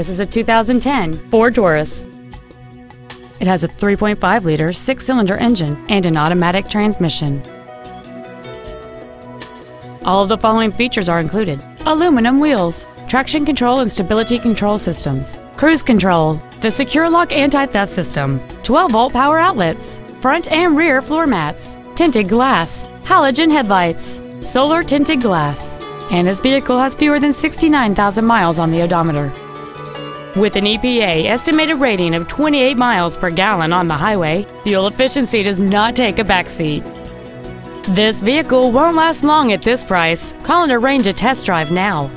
This is a 2010 Ford Taurus. It has a 3.5-liter six-cylinder engine and an automatic transmission. All of the following features are included. Aluminum wheels, traction control and stability control systems, cruise control, the secure lock anti-theft system, 12-volt power outlets, front and rear floor mats, tinted glass, halogen headlights, solar tinted glass, and this vehicle has fewer than 69,000 miles on the odometer. With an EPA estimated rating of 28 miles per gallon on the highway, fuel efficiency does not take a backseat. This vehicle won't last long at this price. Call and arrange a test drive now.